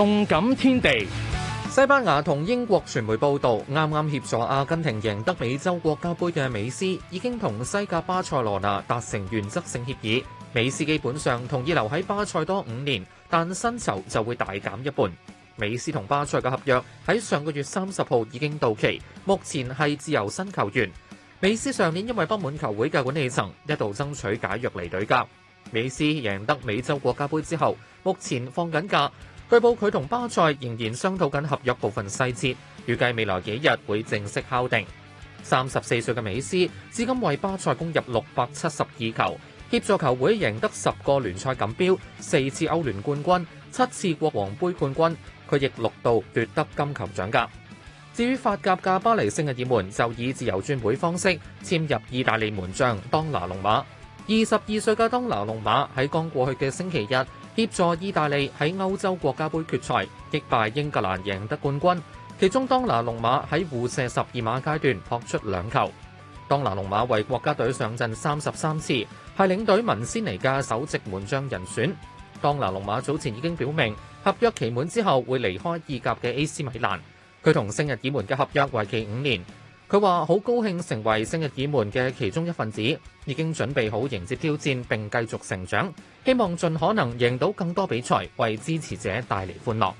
動感天地。西班牙同英國傳媒報道，啱啱協助阿根廷贏得美洲國家杯嘅美斯，已經同西甲巴塞羅那達成原則性協議。美斯基本上同意留喺巴塞多五年，但薪酬就會大減一半。美斯同巴塞嘅合約喺上個月三十號已經到期，目前係自由身球員。美斯上年因為不滿球會嘅管理層，一度爭取解約離隊。噶美斯贏得美洲國家杯之後，目前放緊假。據報佢同巴塞仍然商討緊合約部分細節，預計未來幾日會正式敲定。三十四歲嘅美斯至今為巴塞攻入六百七十二球，協助球會贏得十個聯賽錦標、四次歐聯冠軍、七次國王杯冠軍。佢亦六度奪得金球獎格。至於法甲嘅巴黎聖日耳門就以自由轉會方式簽入意大利門將當拿龍馬。二十二歲嘅當拿隆馬喺剛過去嘅星期日協助意大利喺歐洲國家杯決賽擊敗英格蘭贏得冠軍，其中當拿隆馬喺互射十二碼階段撲出兩球。當拿隆馬為國家隊上陣三十三次，係領隊文斯尼嘅首席門將人選。當拿隆馬早前已經表明，合約期滿之後會離開意甲嘅 AC 米蘭，佢同聖日耳門嘅合約為期五年。佢話：好高興成為聖日耳門嘅其中一份子，已經準備好迎接挑戰並繼續成長，希望盡可能贏到更多比賽，為支持者帶嚟歡樂。